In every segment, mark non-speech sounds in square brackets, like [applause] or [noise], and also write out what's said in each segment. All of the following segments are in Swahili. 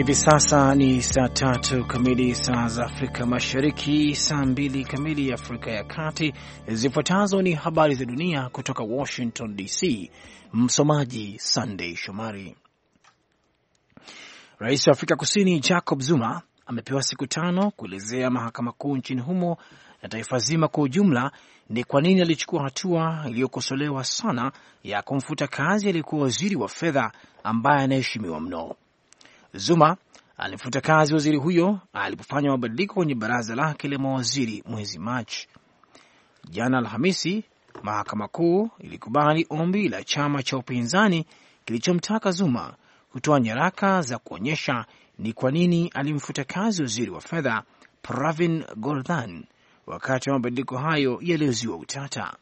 Hivi sasa ni saa tatu kamili saa za Afrika Mashariki, saa mbili kamili Afrika ya Kati. Zifuatazo ni habari za dunia kutoka Washington DC. Msomaji Sandey Shomari. Rais wa Afrika Kusini Jacob Zuma amepewa siku tano kuelezea mahakama kuu nchini humo na taifa zima kwa ujumla ni kwa nini alichukua hatua iliyokosolewa sana ya kumfuta kazi aliyekuwa waziri wa fedha ambaye anaheshimiwa mno. Zuma alimfuta kazi waziri huyo alipofanya mabadiliko kwenye baraza lake la mawaziri mwezi Machi. Jana Alhamisi, mahakama kuu ilikubali ombi la chama cha upinzani kilichomtaka Zuma kutoa nyaraka za kuonyesha ni kwa nini alimfuta kazi waziri wa fedha Pravin Gordhan wakati wa mabadiliko hayo yaliyoziwa utata.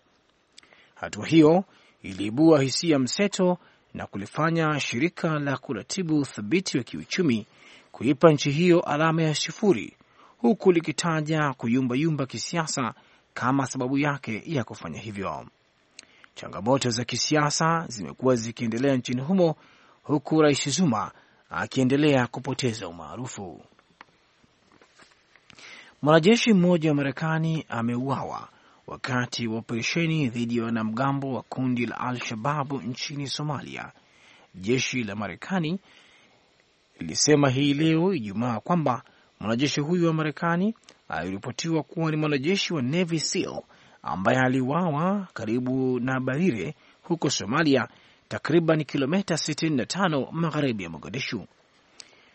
Hatua hiyo iliibua hisia mseto na kulifanya shirika la kuratibu uthabiti wa kiuchumi kuipa nchi hiyo alama ya sifuri, huku likitaja kuyumbayumba kisiasa kama sababu yake ya kufanya hivyo. Changamoto za kisiasa zimekuwa zikiendelea nchini humo, huku Rais Zuma akiendelea kupoteza umaarufu. Mwanajeshi mmoja wa Marekani ameuawa wakati wa operesheni dhidi ya wanamgambo wa kundi la Al-Shababu nchini Somalia. Jeshi la Marekani lilisema hii leo Ijumaa kwamba mwanajeshi huyu wa Marekani aliripotiwa kuwa ni mwanajeshi wa Navy SEAL ambaye aliuawa karibu na Barire huko Somalia, takriban kilomita 65 magharibi ya Mogadishu.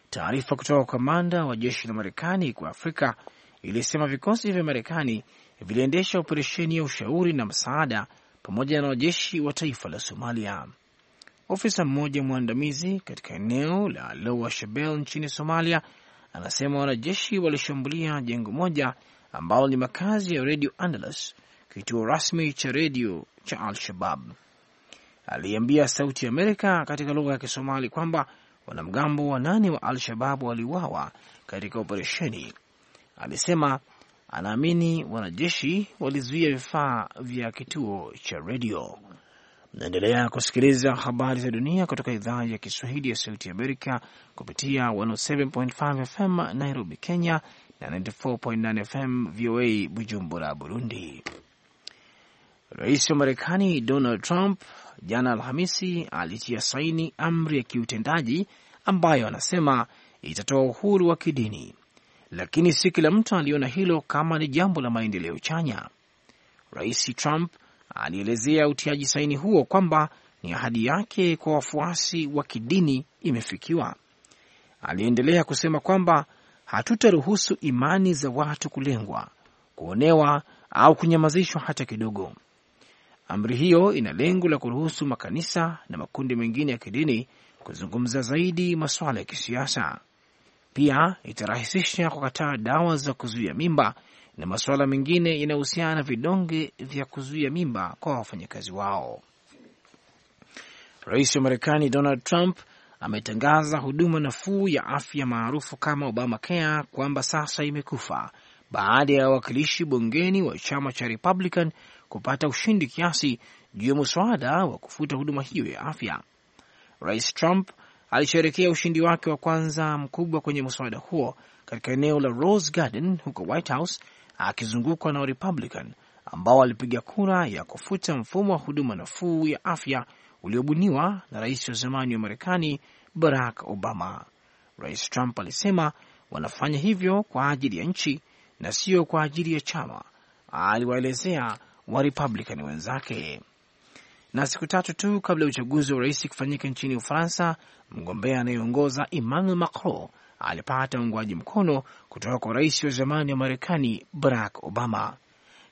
Taarifa kutoka kwa kamanda wa jeshi la Marekani kwa Afrika ilisema vikosi vya Marekani viliendesha operesheni ya ushauri na msaada pamoja na wanajeshi wa taifa la Somalia. Ofisa mmoja mwandamizi katika eneo la Lower Shabelle nchini Somalia anasema wanajeshi walishambulia jengo moja ambalo ni makazi ya Radio Andalus, kituo rasmi cha redio cha Al-Shabab. Aliambia Sauti Amerika katika lugha ya Kisomali kwamba wanamgambo wanane wa Al-Shabab waliuawa katika operesheni. Alisema anaamini wanajeshi walizuia vifaa vya kituo cha redio. Mnaendelea kusikiliza habari za dunia kutoka idhaa ya Kiswahili ya Sauti Amerika kupitia 107.5 FM Nairobi, Kenya na 94.9 FM VOA Bujumbura, Burundi. Rais wa Marekani Donald Trump jana Alhamisi alitia saini amri ya kiutendaji ambayo anasema itatoa uhuru wa kidini lakini si kila mtu aliona hilo kama ni jambo la maendeleo chanya. Rais Trump alielezea utiaji saini huo kwamba ni ahadi yake kwa wafuasi wa kidini imefikiwa. Aliendelea kusema kwamba hatutaruhusu imani za watu kulengwa, kuonewa au kunyamazishwa hata kidogo. Amri hiyo ina lengo la kuruhusu makanisa na makundi mengine ya kidini kuzungumza zaidi masuala ya kisiasa. Pia itarahisisha kukataa dawa za kuzuia mimba na masuala mengine yanayohusiana na vidonge vya kuzuia mimba kwa wafanyakazi wao. Rais wa Marekani Donald Trump ametangaza huduma nafuu ya afya maarufu kama Obamacare kwamba sasa imekufa baada ya wawakilishi bungeni wa chama cha Republican kupata ushindi kiasi juu ya mswada wa kufuta huduma hiyo ya afya. Rais Trump alisherekea ushindi wake wa kwanza mkubwa kwenye mswada huo katika eneo la Rose Garden huko White House, akizungukwa na Warepublican ambao walipiga kura ya kufuta mfumo wa huduma nafuu ya afya uliobuniwa na rais wa zamani wa Marekani Barack Obama. Rais Trump alisema wanafanya hivyo kwa ajili ya nchi na sio kwa ajili ya chama, aliwaelezea Warepublican wenzake. Na siku tatu tu kabla ya uchaguzi wa urais kufanyika nchini Ufaransa, mgombea anayeongoza Emmanuel Macron alipata uungwaji mkono kutoka kwa rais wa zamani wa Marekani Barack Obama.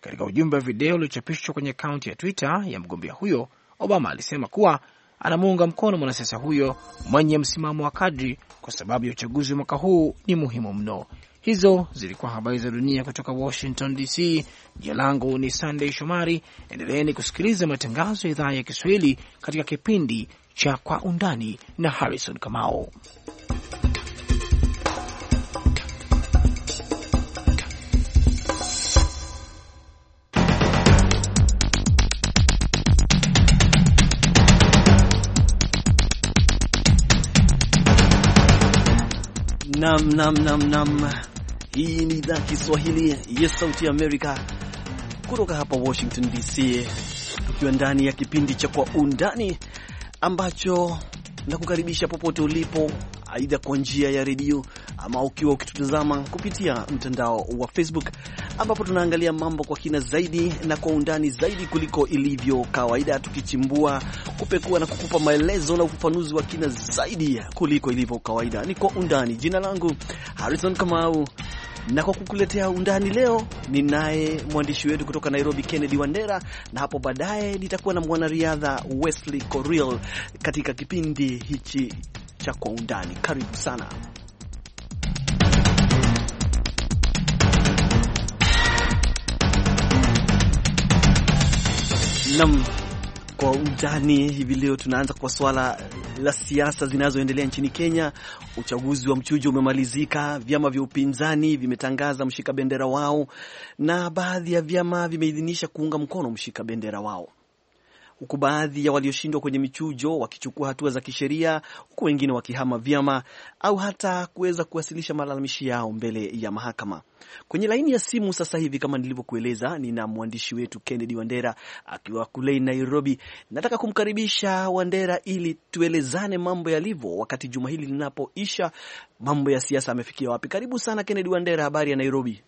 Katika ujumbe wa video uliochapishwa kwenye akaunti ya Twitter ya mgombea huyo, Obama alisema kuwa anamuunga mkono mwanasiasa huyo mwenye msimamo wa kadri kwa sababu ya uchaguzi wa mwaka huu ni muhimu mno. Hizo zilikuwa habari za dunia kutoka Washington DC. Jina langu ni Sandey Shomari. Endeleeni kusikiliza matangazo ya idhaa ya Kiswahili katika kipindi cha Kwa Undani na Harrison Kamao. nam, nam, nam, nam. Hii ni idhaa Kiswahili ya yes, Sauti Amerika kutoka hapa Washington DC, tukiwa ndani ya kipindi cha Kwa Undani ambacho nakukaribisha popote ulipo, aidha kwa njia ya redio ama ukiwa ukitutazama kupitia mtandao wa Facebook, ambapo tunaangalia mambo kwa kina zaidi na kwa undani zaidi kuliko ilivyo kawaida, tukichimbua, kupekua na kukupa maelezo na ufafanuzi wa kina zaidi kuliko ilivyo kawaida. Ni kwa undani. Jina langu Harrison Kamau, na kwa kukuletea undani leo ninaye mwandishi wetu kutoka Nairobi, Kennedy Wandera, na hapo baadaye nitakuwa na mwanariadha Wesley Korir katika kipindi hichi cha kwa undani. Karibu sana. Nam kwa undani hivi leo, tunaanza kwa swala la siasa zinazoendelea nchini Kenya. Uchaguzi wa mchujo umemalizika, vyama vya upinzani vimetangaza mshika bendera wao na baadhi ya vyama vimeidhinisha kuunga mkono mshika bendera wao huku baadhi ya walioshindwa kwenye michujo wakichukua hatua za kisheria, huku wengine wakihama vyama au hata kuweza kuwasilisha malalamishi yao mbele ya mahakama. Kwenye laini ya simu sasa hivi, kama nilivyokueleza, nina mwandishi wetu Kennedy Wandera akiwa kule Nairobi. Nataka kumkaribisha Wandera ili tuelezane mambo yalivyo wakati juma hili linapoisha, mambo ya siasa amefikia wapi? Karibu sana Kennedy Wandera, habari ya Nairobi?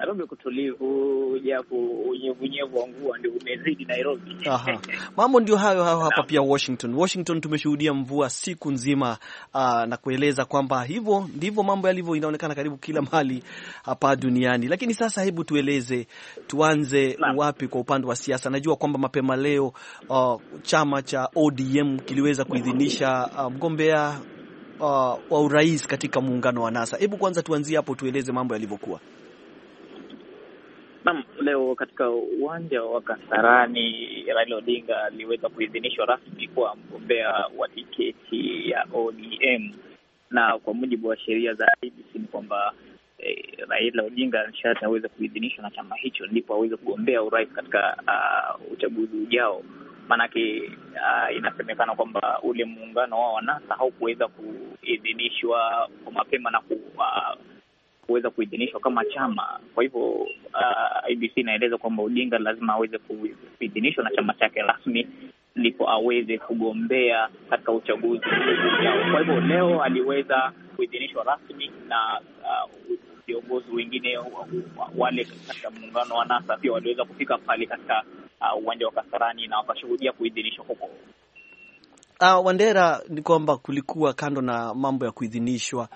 Nairobi kutulivu, japo unyevunyevu wa mvua ndio umezidi Nairobi. Aha, mambo ndio hayo hayo hapa pia Washington. Washington tumeshuhudia mvua siku nzima aa, ah, na kueleza kwamba hivyo ndivyo mambo yalivyo, inaonekana karibu kila mahali hapa duniani. Lakini sasa, hebu tueleze, tuanze na wapi kwa upande wa siasa? Najua kwamba mapema leo uh, chama cha ODM kiliweza kuidhinisha uh, mgombea uh, wa urais katika muungano wa NASA. Hebu kwanza tuanzie hapo, tueleze mambo yalivyokuwa. Naam, leo katika uwanja wa Kasarani Raila Odinga aliweza kuidhinishwa rasmi kuwa mgombea wa tiketi ya ODM, na kwa mujibu wa sheria za IEBC ni kwamba eh, Raila Odinga nishati aweze kuidhinishwa na chama hicho ndipo aweze kugombea urais katika uh, uchaguzi ujao. Maanake uh, ah, inasemekana kwamba ule muungano wao wa NASA haukuweza kuidhinishwa kwa mapema na ku, uh, kuweza kuidhinishwa kama chama. Kwa hivyo uh, IBC inaeleza kwamba Odinga lazima aweze kuidhinishwa na chama chake rasmi ndipo aweze kugombea katika uchaguzi ujao. Kwa hivyo leo aliweza kuidhinishwa rasmi na uh, viongozi wengine wale katika muungano wa NASA pia waliweza kufika pale katika uh, uwanja uh, wa Kasarani na wakashuhudia kuidhinishwa huko. Uh, Wandera, ni kwamba kulikuwa kando na mambo ya kuidhinishwa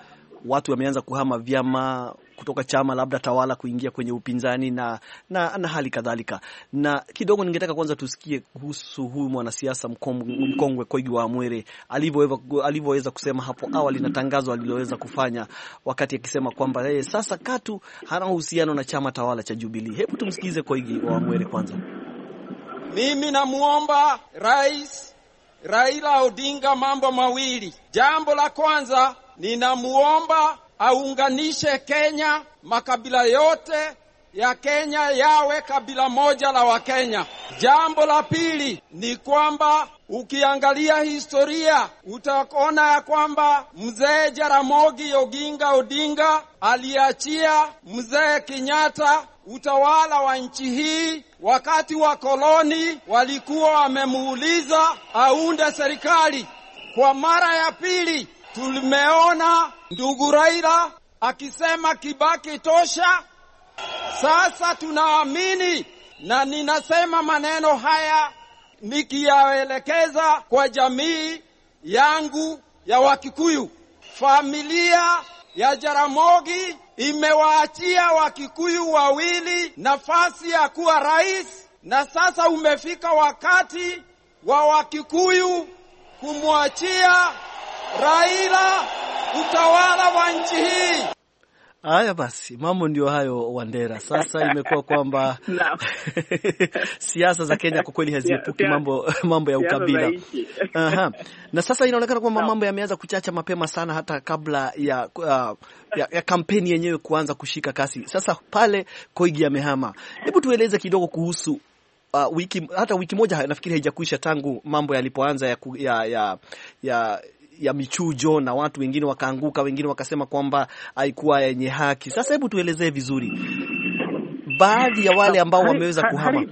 watu wameanza kuhama vyama kutoka chama labda tawala kuingia kwenye upinzani na, na, na hali kadhalika. Na kidogo ningetaka kwanza tusikie kuhusu huyu mwanasiasa mkongwe Koigi wa mwere alivyoweza kusema hapo awali na tangazo aliloweza kufanya wakati akisema kwamba yeye sasa katu hana uhusiano na chama tawala cha Jubilee. Hebu tumsikize Koigi wa Amwere kwanza. Mimi namwomba Rais Raila Odinga mambo mawili. Jambo la kwanza ninamuomba aunganishe Kenya, makabila yote ya Kenya yawe kabila moja la Wakenya. Jambo la pili ni kwamba ukiangalia historia utaona ya kwamba mzee Jaramogi Oginga Odinga aliachia mzee Kenyatta utawala wa nchi hii. Wakati wa koloni walikuwa wamemuuliza aunde serikali. Kwa mara ya pili Tulimeona ndugu Raila akisema Kibaki tosha. Sasa tunaamini na ninasema maneno haya nikiyaelekeza kwa jamii yangu ya Wakikuyu. Familia ya Jaramogi imewaachia Wakikuyu wawili nafasi ya kuwa rais, na sasa umefika wakati wa Wakikuyu kumwachia Raila, utawala wa nchi hii. Haya basi, mambo ndio hayo, Wandera. Sasa imekuwa kwamba [laughs] [laughs] siasa za Kenya kwa kweli haziepuki mambo, [laughs] mambo ya ukabila. Aha. Na sasa inaonekana kwamba mambo yameanza kuchacha mapema sana hata kabla ya, uh, ya, ya kampeni yenyewe kuanza kushika kasi. Sasa pale Koigi amehama, hebu tueleze kidogo kuhusu uh, wiki hata wiki moja nafikiri haijakuisha tangu mambo yalipoanza ya, ya, ya ya michujo na watu wengine wakaanguka, wengine wakasema kwamba haikuwa yenye haki. Sasa hebu tuelezee vizuri baadhi ya wale ambao wameweza kuhama.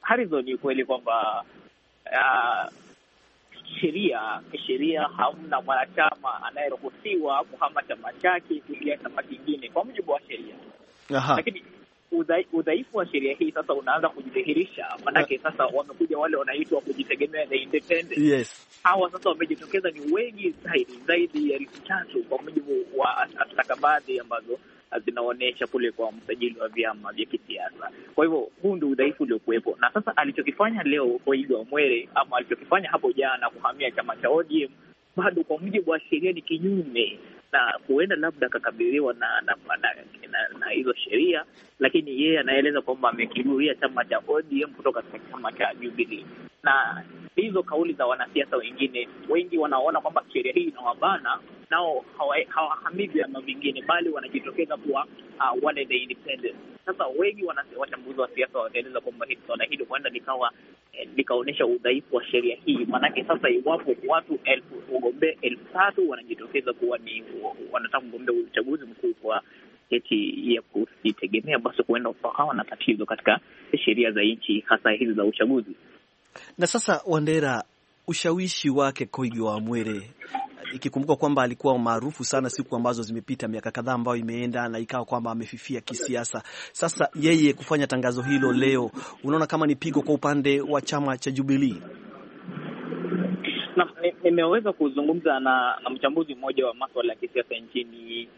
Harizo, ni kweli kwamba uh, sheria sheria hamna mwanachama anayeruhusiwa kuhama chama chake kuingia chama kingine kwa mujibu wa sheria, lakini udhaifu wa sheria hii sasa unaanza kujidhihirisha, maanake sasa wamekuja wale wanaitwa kujitegemea the independent. Yes, hawa sasa wamejitokeza ni wengi zaidi, zaidi ya elfu tatu kwa mujibu wa stakabadhi ambazo zinaonyesha kule kwa msajili wa vyama vya kisiasa. Kwa hivyo huu ndio udhaifu uliokuwepo, na sasa alichokifanya leo Koigi mwere ama alichokifanya hapo jana kuhamia chama cha ODM bado kwa mujibu wa sheria ni kinyume, na huenda labda akakabiliwa na na hizo sheria lakini yeye anaeleza kwamba amekiguria chama cha ODM kutoka katika chama cha Jubilee. Na hizo kauli za wanasiasa wengine wengi wanaona kwamba sheria hii inawabana nao, hawahamii vyama vingine, bali wanajitokeza kuwa uh, wale the independent. Sasa wengi wachambuzi wa siasa wataeleza kwamba swala hili huenda likawa eh, likaonyesha udhaifu wa sheria hii, maanake sasa iwapo watu elfu wagombea elfu tatu wanajitokeza kuwa ni wanataka kugombea uchaguzi mkuu kwa ya kusitegemea, basi huenda ukawa na tatizo katika sheria za nchi, hasa hizi za uchaguzi. Na sasa, Wandera, ushawishi wake Koigi wa Wamwere, ikikumbuka kwamba alikuwa maarufu sana siku ambazo zimepita, miaka kadhaa ambayo imeenda na ikawa kwamba amefifia kisiasa. Sasa yeye kufanya tangazo hilo leo, unaona kama ni pigo kwa upande wa chama cha Jubilee? Nimeweza kuzungumza na, na mchambuzi mmoja wa maswala ya kisiasa nchini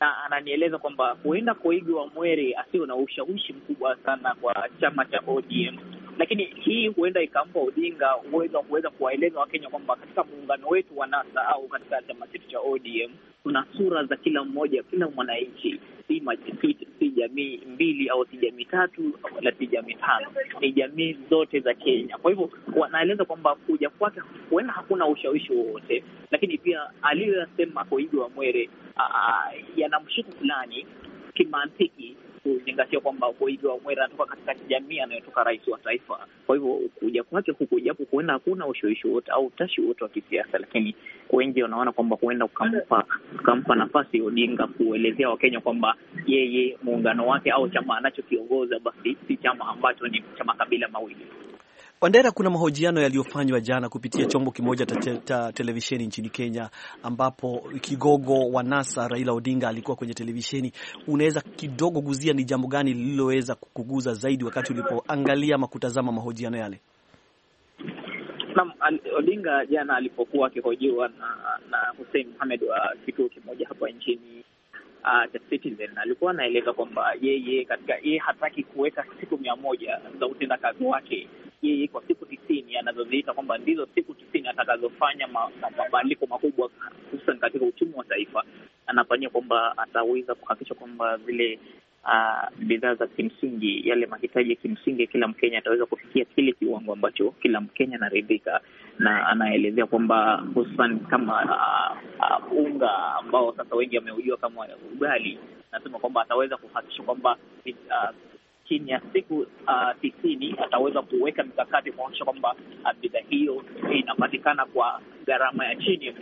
na ananieleza kwamba huenda Koigi wa Mwere asio na ushawishi mkubwa sana kwa chama cha ODM, lakini hii huenda ikampa Odinga uwezo wa kuweza kuwaeleza Wakenya kwamba katika muungano wetu wa NASA au katika chama chetu cha ODM kuna sura za kila mmoja, kila mwananchi si, si, si jamii mbili au si jamii tatu na si jamii tano, ni jamii zote za Kenya. Kwa hivyo wanaeleza kwamba kuja kwake huenda hakuna ushawishi wowote, lakini pia aliyoyasema kwa Ige wa Mwere yanamshuku fulani kimantiki kuzingatia kwamba wa Wawera anatoka katika jamii anayotoka rais wa taifa. Kwa hivyo kuja kwake huku, japo huenda hakuna ushawishi wote au utashi wote wa kisiasa, lakini wengi wanaona kwamba huenda kukampa kukampa nafasi Odinga kuelezea Wakenya kwamba yeye muungano wake au chama anachokiongoza basi si chama ambacho ni chama kabila mawili. Wandera, kuna mahojiano yaliyofanywa jana kupitia chombo kimoja cha televisheni nchini Kenya, ambapo kigogo wa NASA Raila Odinga alikuwa kwenye televisheni. Unaweza kidogo guzia ni jambo gani lililoweza kukuguza zaidi wakati ulipoangalia ama kutazama mahojiano yale? Naam, Odinga jana alipokuwa akihojiwa na, na Hussein Mohamed wa kituo kimoja hapa nchini cha uh, Citizen alikuwa anaeleza kwamba yeye katika yeye hataki kuweka siku mia moja za utendakazi wake hii kwa siku tisini anazoziita kwamba ndizo siku tisini atakazofanya mabadiliko makubwa hususan katika uchumi wa taifa. Anafanyia kwamba ataweza kuhakikisha kwamba zile uh, bidhaa za kimsingi, yale mahitaji ya kimsingi kila Mkenya ataweza kufikia kile kiwango ambacho kila Mkenya anaridhika, na anaelezea kwamba hususan kama uh, uh, unga ambao sasa wengi wameujua kama ugali, anasema kwamba ataweza kuhakikisha kwamba uh, chini ya siku uh, tisini uh, ataweza kuweka mikakati kuonyesha kwamba uh, bidhaa hiyo inapatikana kwa gharama ya chini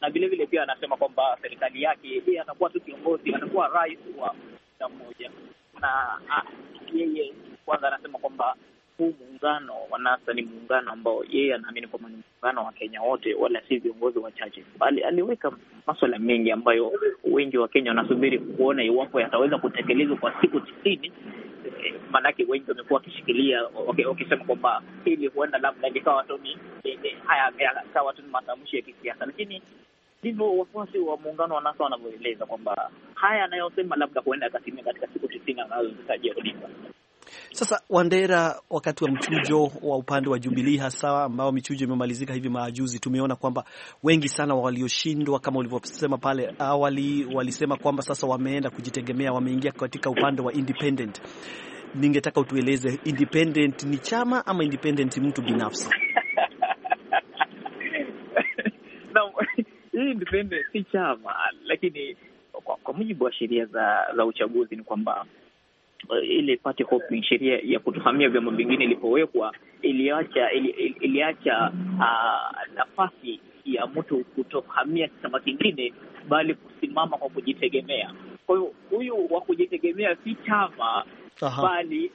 na vilevile pia anasema kwamba serikali yake yeye atakuwa tu kiongozi, atakuwa rais wa muda mmoja. Na uh, yeye kwanza anasema kwamba huu muungano wa NASA ni muungano ambao yeye anaamini kwamba ni muungano wa Kenya wote, wala si viongozi wachache. Aliweka maswala mengi ambayo wengi wa Kenya wanasubiri kuona iwapo yataweza kutekelezwa kwa siku tisini maanake wengi wamekuwa wakishikilia wakisema kwamba hili huenda labda likawa tu ni akawa tu ni matamshi ya kisiasa, lakini ndivyo wafuasi wa muungano wa NASA wanavyoeleza kwamba haya anayosema labda huenda yakatimia katika siku tisini anazozitajia kulipa sasa Wandera, wakati wa mchujo wa upande wa jubilii hasa ambao michujo imemalizika hivi majuzi, tumeona kwamba wengi sana walioshindwa kama ulivyosema pale awali walisema kwamba sasa wameenda kujitegemea, wameingia katika upande wa independent. Ningetaka utueleze independent ni chama ama independent mtu binafsi? [laughs] [laughs] Hii independent si chama, lakini kwa, kwa mujibu wa sheria za, za uchaguzi ni kwamba ile pate copying, sheria ya kutohamia vyama vingine ilipowekwa iliacha ili, iliacha uh, nafasi ya mtu kutohamia chama kingine, bali kusimama kwa kujitegemea. Kwa hiyo huyu wa kujitegemea si chama, bali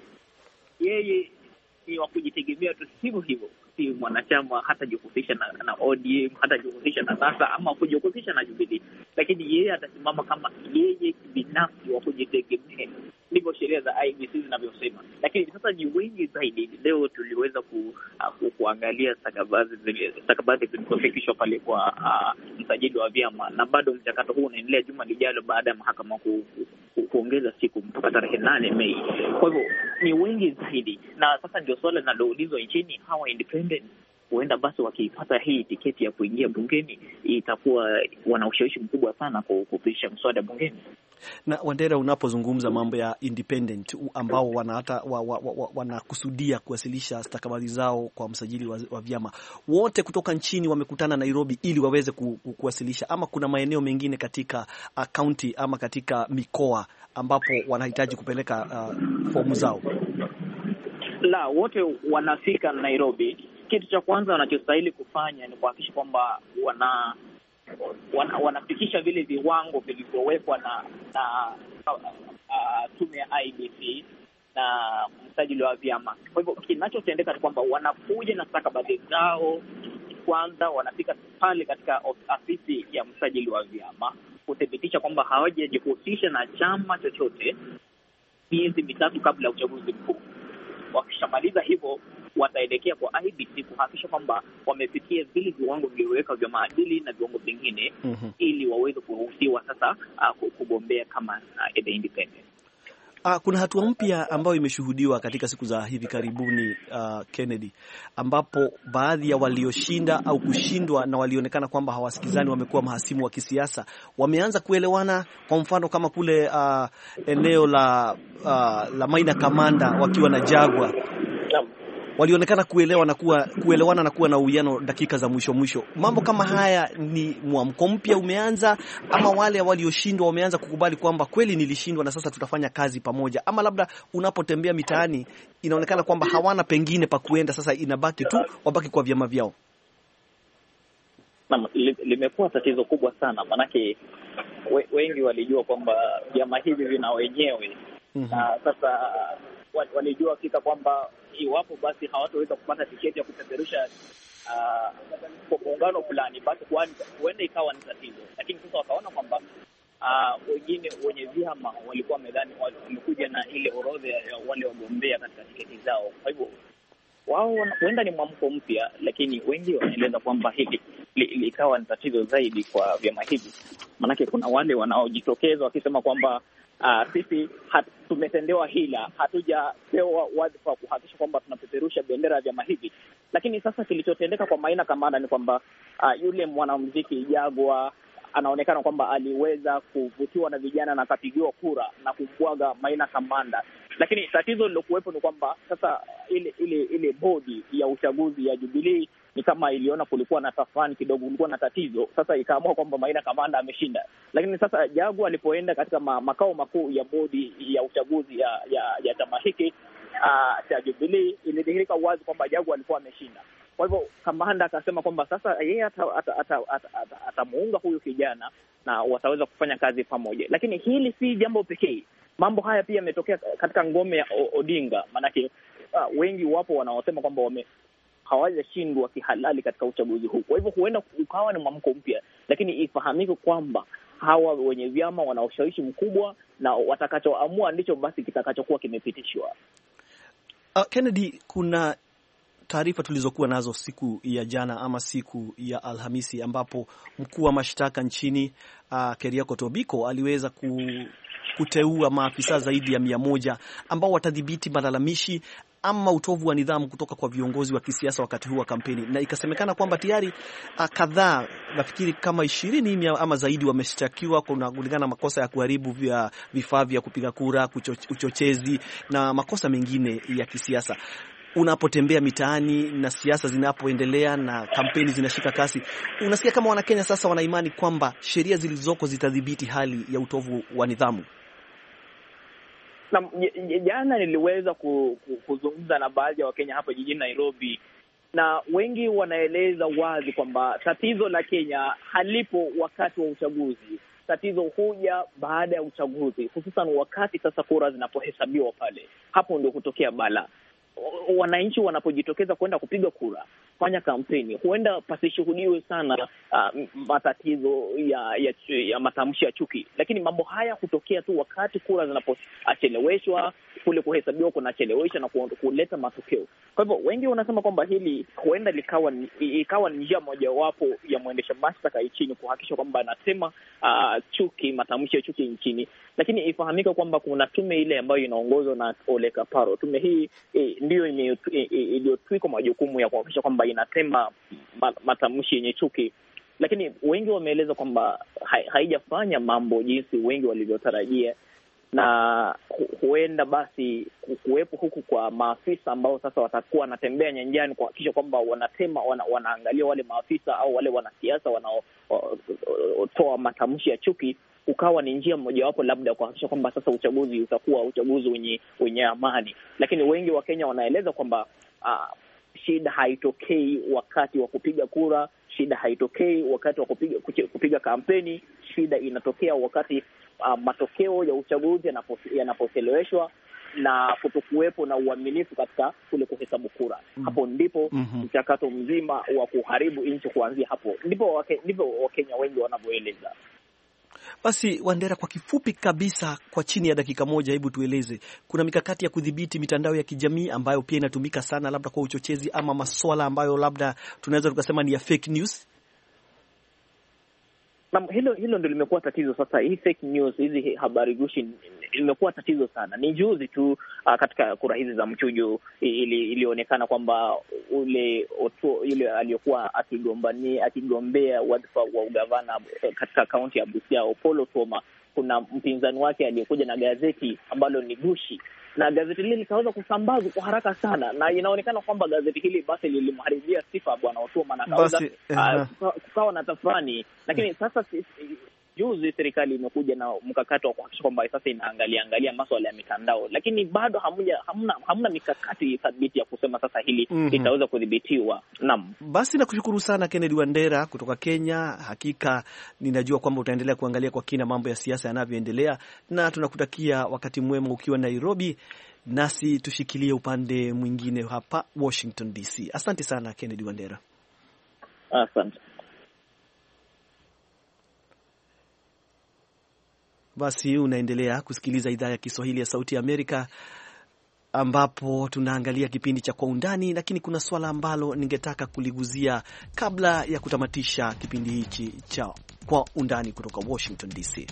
yeye ni wa kujitegemea tu, hivyo hivyo si mwanachama hatajihusisha na, na ODM hatajihusisha na NASA ama kujihusisha na Jubilii, lakini yeye atasimama kama yeye binafsi wa kujitegemea. Ndivyo sheria za IEBC zinavyosema, lakini sasa ni wengi zaidi. Leo tuliweza ku, uh, kuangalia stakabadhi zilizofikishwa pale kwa uh, msajili wa vyama, na bado mchakato huu unaendelea juma lijalo baada ya mahakama ku, ku, kuongeza siku mpaka tarehe nane Mei. Kwa hivyo ni wengi zaidi, na sasa ndio swala linaloulizwa nchini hawa independent bungeni, huenda basi wakiipata hii tiketi ya kuingia bungeni itakuwa wana ushawishi mkubwa sana kupitisha mswada bungeni. Na Wandera, unapozungumza mambo ya independent ambao wana hata wa, wa, wa, wa, kuwasilisha stakabadhi zao kwa msajili wa, wa vyama wote kutoka nchini wamekutana Nairobi ili waweze ku, ku, kuwasilisha, ama kuna maeneo mengine katika kaunti uh, ama katika mikoa ambapo wanahitaji kupeleka uh, fomu zao? La, wote wanafika Nairobi kitu cha kwanza wanachostahili kufanya ni kuhakikisha kwamba wana wanafikisha wana vile viwango vilivyowekwa na na uh, uh tume ya IBC na msajili wa vyama. Kwa hivyo kinachotendeka ni kwamba wanakuja na stakabadhi zao kwanza, wanafika pale katika afisi ya msajili wa vyama kuthibitisha kwamba hawajajihusisha na chama chochote miezi mitatu kabla ya uchaguzi mkuu. Wakishamaliza hivyo, wataelekea kwa IBC kuhakikisha kwamba wamefikia vile viwango vilivyoweka vya maadili na viwango vingine, mm -hmm. ili waweze kuruhusiwa sasa uh, kugombea kama uh, independent Ah, kuna hatua mpya ambayo imeshuhudiwa katika siku za hivi karibuni uh, Kennedy, ambapo baadhi ya walioshinda au kushindwa na walionekana kwamba hawasikizani wamekuwa mahasimu wa kisiasa wameanza kuelewana. Kwa mfano kama kule uh, eneo la, uh, la Maina Kamanda wakiwa na Jagwa walionekana kuelewa na kuwa, kuelewana na kuwa na uwiano dakika za mwisho mwisho. Mambo kama haya ni mwamko mpya umeanza, ama wale walioshindwa wameanza kukubali kwamba kweli nilishindwa na sasa tutafanya kazi pamoja, ama labda unapotembea mitaani inaonekana kwamba hawana pengine pa kuenda, sasa inabaki tu wabaki kwa vyama vyao. Naam, limekuwa tatizo kubwa sana maanake we, wengi walijua kwamba vyama hivi vina wenyewe mm -hmm. Sasa walijua fika kwamba iwapo basi hawataweza kupata tiketi ya kupeperusha uh, muungano fulani, basi huenda ikawa ni tatizo. Lakini sasa wakaona kwamba uh, wengine uh, wenye vyama walikuwa wamedhani wamekuja na ile orodha ya wale wagombea katika tiketi zao, kwa hivyo wao huenda ni mwamko mpya, lakini wengi wanaeleza kwamba hili likawa ni tatizo zaidi kwa vyama hivi, maanake kuna wale wanaojitokeza wakisema kwamba Uh, sisi tumetendewa hila, hatujapewa wadhifa wa kuhakikisha kwamba tunapeperusha bendera ya vyama hivi. Lakini sasa kilichotendeka kwa Maina Kamanda ni kwamba uh, yule mwanamuziki Jagwa anaonekana kwamba aliweza kuvutiwa na vijana na akapigiwa kura na kumbwaga Maina Kamanda, lakini tatizo lilokuwepo ni kwamba sasa ile ile ile bodi ya uchaguzi ya Jubilii ni kama iliona kulikuwa na tafani kidogo, kulikuwa na tatizo, sasa ikaamua kwamba Maina Kamanda ameshinda. Lakini sasa Jagu alipoenda katika ma, makao makuu ya bodi ya uchaguzi ya ya, ya chama hiki uh, cha Jubilii, ilidhihirika wazi kwamba Jagu alikuwa ameshinda. Kwa hivyo kamanda akasema kwamba sasa yeye atamuunga ata, ata, ata, ata, ata huyu kijana na wataweza kufanya kazi pamoja, lakini hili si jambo pekee. Mambo haya pia yametokea katika ngome ya Odinga, maanake uh, wengi wapo wanaosema kwamba wame, hawajashindwa kihalali katika uchaguzi huu. Kwa hivyo huenda ukawa ni mwamko mpya, lakini ifahamike kwamba hawa wenye vyama wana ushawishi mkubwa na watakachoamua ndicho basi kitakachokuwa kimepitishwa. Uh, Kennedy, kuna taarifa tulizokuwa nazo siku ya jana ama siku ya Alhamisi ambapo mkuu wa mashtaka nchini uh, Keriako Tobiko aliweza ku kuteua maafisa zaidi ya mia moja ambao watadhibiti malalamishi ama utovu wa nidhamu kutoka kwa viongozi wa kisiasa wakati huu wa kampeni, na ikasemekana kwamba tayari uh, kadhaa, nafikiri kama ishirini ama zaidi, wameshtakiwa kulingana na makosa ya kuharibu vya vifaa vya kupiga kura, kucho, uchochezi na makosa mengine ya kisiasa. Unapotembea mitaani na siasa zinapoendelea na kampeni zinashika kasi, unasikia kama Wanakenya sasa wanaimani kwamba sheria zilizoko zitadhibiti hali ya utovu wa nidhamu. Na jana niliweza kuzungumza na baadhi ya Wakenya hapa jijini Nairobi, na wengi wanaeleza wazi kwamba tatizo la Kenya halipo wakati wa uchaguzi. Tatizo huja baada ya uchaguzi, hususan wakati sasa kura zinapohesabiwa pale, hapo ndio kutokea bala wananchi wanapojitokeza kwenda kupiga kura, fanya kampeni, huenda pasishuhudiwe sana uh, matatizo ya ya, ya matamshi ya chuki, lakini mambo haya hutokea tu wakati kura zinapocheleweshwa, kule kuhesabiwa kunachelewesha na kuleta matokeo. Kwa hivyo wengi wanasema kwamba hili huenda likawa ikawa njia mojawapo ya mwendesha mashtaka nchini kuhakikisha kwamba anasema uh, chuki, matamshi ya chuki nchini, lakini ifahamika kwamba kuna tume ile ambayo inaongozwa na Ole Kaparo. Tume hii eh, ndiyo iliyotwikwa majukumu ya kuhakikisha kwamba inatema matamshi yenye chuki, lakini wengi wameeleza kwamba haijafanya mambo jinsi wengi walivyotarajia, na huenda basi kuwepo huku kwa maafisa ambao sasa watakuwa wanatembea nyanjani kuhakikisha kwamba wanatema wana, wanaangalia wale maafisa au wale wanasiasa wanaotoa matamshi ya chuki ukawa ni njia mojawapo labda kuhakikisha kwamba sasa uchaguzi utakuwa uchaguzi wenye wenye amani, lakini wengi wa Kenya wanaeleza kwamba uh, shida haitokei wakati wa kupiga kura, shida haitokei wakati wa kupiga, kupiga kampeni. Shida inatokea wakati uh, matokeo ya uchaguzi yanapocheleweshwa na kutokuwepo na uaminifu katika kule kuhesabu kura. mm -hmm. Hapo ndipo mm -hmm. mchakato mzima wa kuharibu nchi kuanzia hapo, ndipo Wakenya wengi wanavyoeleza. Basi Wandera, kwa kifupi kabisa, kwa chini ya dakika moja, hebu tueleze, kuna mikakati ya kudhibiti mitandao ya kijamii ambayo pia inatumika sana labda kwa uchochezi ama maswala ambayo labda tunaweza tukasema ni ya fake news? na hilo hilo ndo limekuwa tatizo sasa. Hii fake news, hizi habari gushi limekuwa tatizo sana. Ni juzi tu uh, katika kura hizi za mchujo ilionekana ili kwamba ule otuo, yule aliyokuwa akigombania akigombea wadhifa wa ugavana eh, katika kaunti ya Busia, Opolo Toma, kuna mpinzani wake aliyekuja na gazeti ambalo ni gushi na gazeti hili likaweza kusambazwa kwa haraka sana, na inaonekana kwamba gazeti hili basi lilimharibia sifa Bwana Osuma na kaweza eh, ah, kukawa na tafrani, lakini sasa juzi serikali imekuja na mkakati wa kuhakikisha kwamba sasa inaangalia angalia maswala ya mitandao, lakini bado hamuja, hamna, hamna mikakati thabiti ya kusema sasa hili mm -hmm. itaweza kudhibitiwa. Naam, basi nakushukuru sana Kennedy Wandera kutoka Kenya. Hakika ninajua kwamba utaendelea kuangalia kwa kina mambo ya siasa yanavyoendelea, na tunakutakia wakati mwema ukiwa Nairobi, nasi tushikilie upande mwingine hapa Washington DC. Asante sana Kennedy Wandera, asante. Basi unaendelea kusikiliza idhaa ya Kiswahili ya Sauti ya Amerika ambapo tunaangalia kipindi cha Kwa Undani, lakini kuna suala ambalo ningetaka kuliguzia kabla ya kutamatisha kipindi hiki cha Kwa Undani kutoka Washington DC.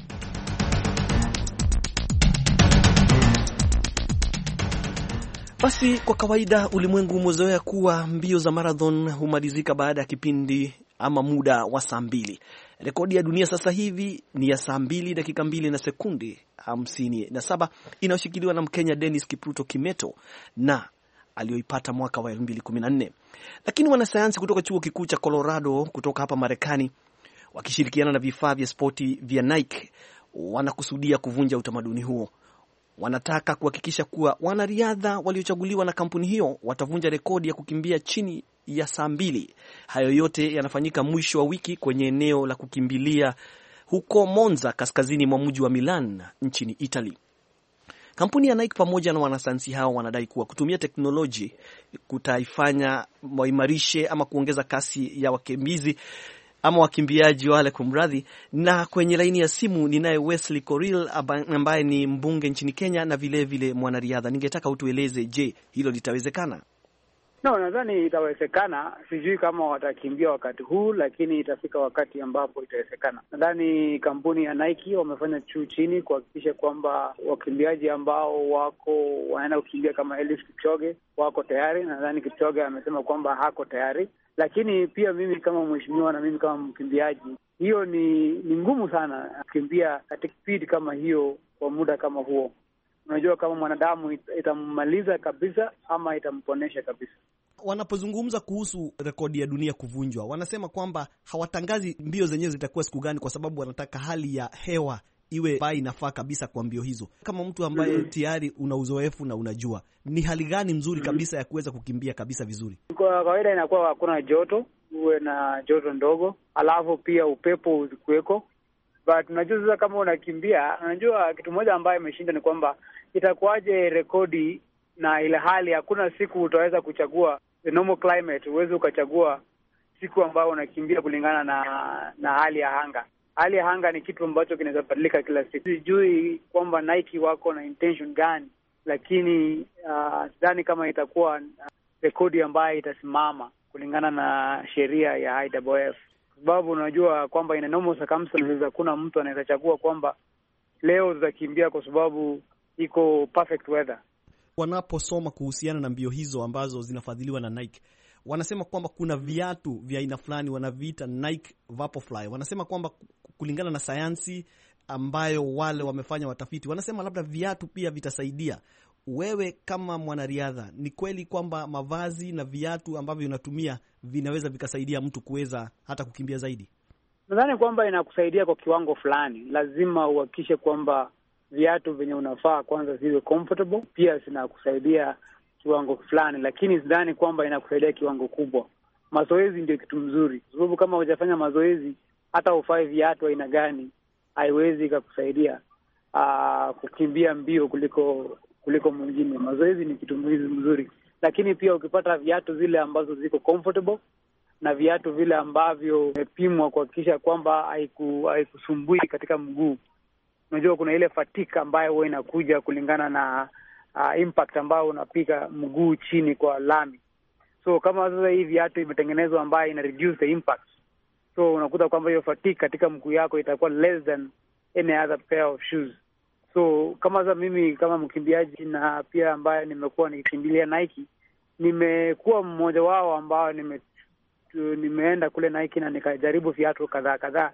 Basi kwa kawaida ulimwengu umezoea kuwa mbio za marathon humalizika baada ya kipindi ama muda wa saa mbili, Rekodi ya dunia sasa hivi ni ya saa mbili dakika mbili na sekundi hamsini na saba inayoshikiliwa na Mkenya denis Kipruto Kimeto na aliyoipata mwaka wa 2014 lakini wanasayansi kutoka chuo kikuu cha Colorado kutoka hapa Marekani wakishirikiana na vifaa vya spoti vya Nike wanakusudia kuvunja utamaduni huo wanataka kuhakikisha kuwa wanariadha waliochaguliwa na kampuni hiyo watavunja rekodi ya kukimbia chini ya saa mbili. Hayo yote yanafanyika mwisho wa wiki kwenye eneo la kukimbilia huko Monza, kaskazini mwa mji wa Milan nchini Italy. Kampuni ya Nike pamoja na wanasayansi hao wanadai kuwa kutumia teknoloji kutaifanya waimarishe ama kuongeza kasi ya wakimbizi ama wakimbiaji wale, kumradhi. Na kwenye laini ya simu ninaye Wesley Koril ambaye ni mbunge nchini Kenya na vilevile mwanariadha. Ningetaka utueleze, je, hilo litawezekana? No, nadhani itawezekana. Sijui kama watakimbia wakati huu, lakini itafika wakati ambapo itawezekana. Nadhani kampuni ya Nike wamefanya juu chini kuhakikisha kwamba wakimbiaji ambao wako wanaenda kukimbia kama Eliud Kipchoge wako tayari. Nadhani Kipchoge amesema kwamba hako tayari, lakini pia mimi kama mheshimiwa na mimi kama mkimbiaji, hiyo ni ni ngumu sana kukimbia katika spidi kama hiyo kwa muda kama huo. Unajua, kama mwanadamu itammaliza kabisa ama itamponesha kabisa. Wanapozungumza kuhusu rekodi ya dunia kuvunjwa, wanasema kwamba hawatangazi mbio zenyewe zitakuwa siku gani, kwa sababu wanataka hali ya hewa iwe bai inafaa kabisa kwa mbio hizo. Kama mtu ambaye mm -hmm. tayari una uzoefu na unajua ni hali gani mzuri mm-hmm. kabisa ya kuweza kukimbia kabisa vizuri, kwa kawaida inakuwa hakuna joto, uwe na joto ndogo, alafu pia upepo uzikuweko. But unajua sasa, kama unakimbia, unajua kitu moja ambayo imeshinda ni kwamba itakuwaje rekodi na ile hali hakuna siku utaweza kuchagua the normal climate, ukachagua siku ambayo unakimbia kulingana na na hali ya anga hali ya hanga ni kitu ambacho kinaweza badilika kila siku. Sijui kwamba Nike wako na intention gani, lakini uh, sidhani kama itakuwa uh, rekodi ambayo itasimama kulingana na sheria ya IAAF, sababu unajua kwamba ina normal circumstances, hakuna mtu anaweza chagua kwamba leo tutakimbia kwa sababu iko perfect weather. Wanaposoma kuhusiana na mbio hizo ambazo zinafadhiliwa na Nike wanasema kwamba kuna viatu vya aina fulani wanaviita Nike Vaporfly. Wanasema kwamba kulingana na sayansi ambayo wale wamefanya watafiti wanasema labda viatu pia vitasaidia. Wewe kama mwanariadha, ni kweli kwamba mavazi na viatu ambavyo unatumia vinaweza vikasaidia mtu kuweza hata kukimbia zaidi? Nadhani kwamba inakusaidia kwa kiwango fulani. Lazima uhakikishe kwamba viatu vyenye unafaa kwanza ziwe comfortable, pia zinakusaidia kiwango fulani, lakini sidhani kwamba inakusaidia kiwango kubwa. Mazoezi ndio kitu mzuri, kwa sababu kama hujafanya mazoezi hata ufae viatu aina gani, haiwezi ikakusaidia ah, kukimbia mbio kuliko kuliko mwingine. Mazoezi ni kitu mzuri, lakini pia ukipata viatu vile ambazo ziko comfortable na viatu vile ambavyo vimepimwa kuhakikisha kwamba haikusumbui haiku katika mguu. Unajua kuna ile fatika ambayo huwa inakuja kulingana na uh, impact ambayo unapiga mguu chini kwa lami. So kama sasa hii viatu imetengenezwa ambayo ina reduce the impact so unakuta kwamba hiyo fatigue katika mguu yako itakuwa less than any other pair of shoes. So kama za mimi kama mkimbiaji na pia ambaye nimekuwa nikikimbilia Nike, nimekuwa mmoja wao ambao nime, nimeenda kule Nike na nikajaribu viatu kadhaa kadhaa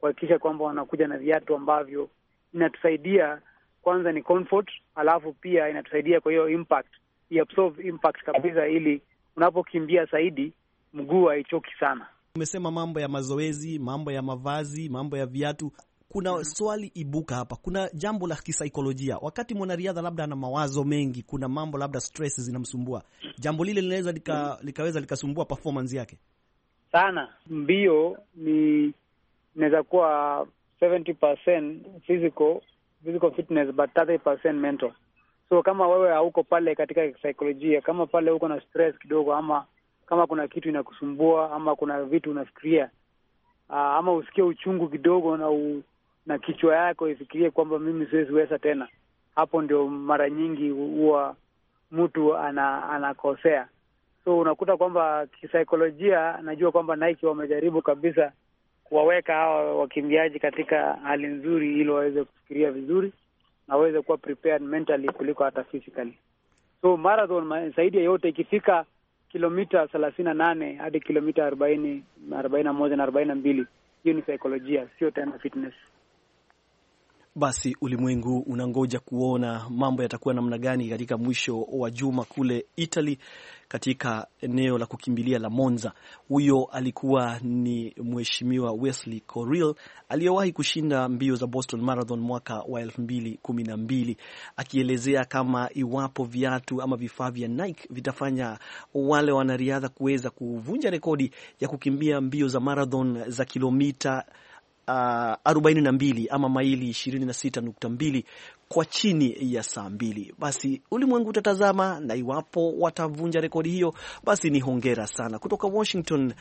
kuhakikisha kwamba wanakuja na viatu ambavyo inatusaidia kwanza ni comfort, alafu pia inatusaidia kwa hiyo impact, iabsorb impact kabisa, ili unapokimbia zaidi mguu haichoki sana. Umesema mambo ya mazoezi, mambo ya mavazi, mambo ya viatu. Kuna mm-hmm. swali ibuka hapa, kuna jambo la kisaikolojia. Wakati mwanariadha labda ana mawazo mengi, kuna mambo labda stress zinamsumbua, jambo lile linaweza lika, mm-hmm. likaweza likasumbua performance yake sana. Mbio ni inaweza kuwa 70% physical, physical fitness but 30% mental. So kama wewe hauko pale katika saikolojia, kama pale uko na stress kidogo ama kama kuna kitu inakusumbua ama kuna vitu unafikiria uh, ama usikie uchungu kidogo na u, na kichwa yako ifikirie kwamba mimi siweziweza tena. Hapo ndio mara nyingi huwa mtu ana, anakosea. So unakuta kwamba kisaikolojia, najua kwamba Nike wamejaribu kabisa kuwaweka hawa wakimbiaji katika hali nzuri, ili waweze kufikiria vizuri na waweze kuwa prepared mentally kuliko hata physically. So marathon zaidi ya yote ikifika kilomita thelathini na nane hadi kilomita arobaini arobaini na moja na arobaini na mbili. Hiyo ni saikolojia, sio tena fitness. Basi ulimwengu unangoja kuona mambo yatakuwa namna gani katika mwisho wa juma kule Italy, katika eneo la kukimbilia la Monza. Huyo alikuwa ni mheshimiwa Wesley Coril aliyewahi kushinda mbio za Boston Marathon mwaka wa mbili akielezea kama iwapo viatu ama vifaa vya Nike vitafanya wale wanariadha kuweza kuvunja rekodi ya kukimbia mbio za marathon za kilomita uh, 42 ama maili 26.2 kwa chini ya saa mbili. Basi ulimwengu utatazama, na iwapo watavunja rekodi hiyo, basi ni hongera sana kutoka Washington.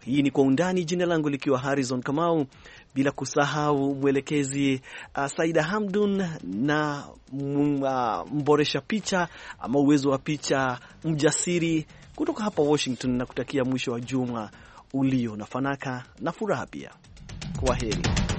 Hii ni Kwa Undani, jina langu likiwa Harrison Kamau, bila kusahau mwelekezi uh, Saida Hamdun na mm, uh, mboresha picha ama uwezo wa picha Mjasiri kutoka hapa Washington, na kutakia mwisho wa juma ulio na fanaka na furaha pia. Kwa heri.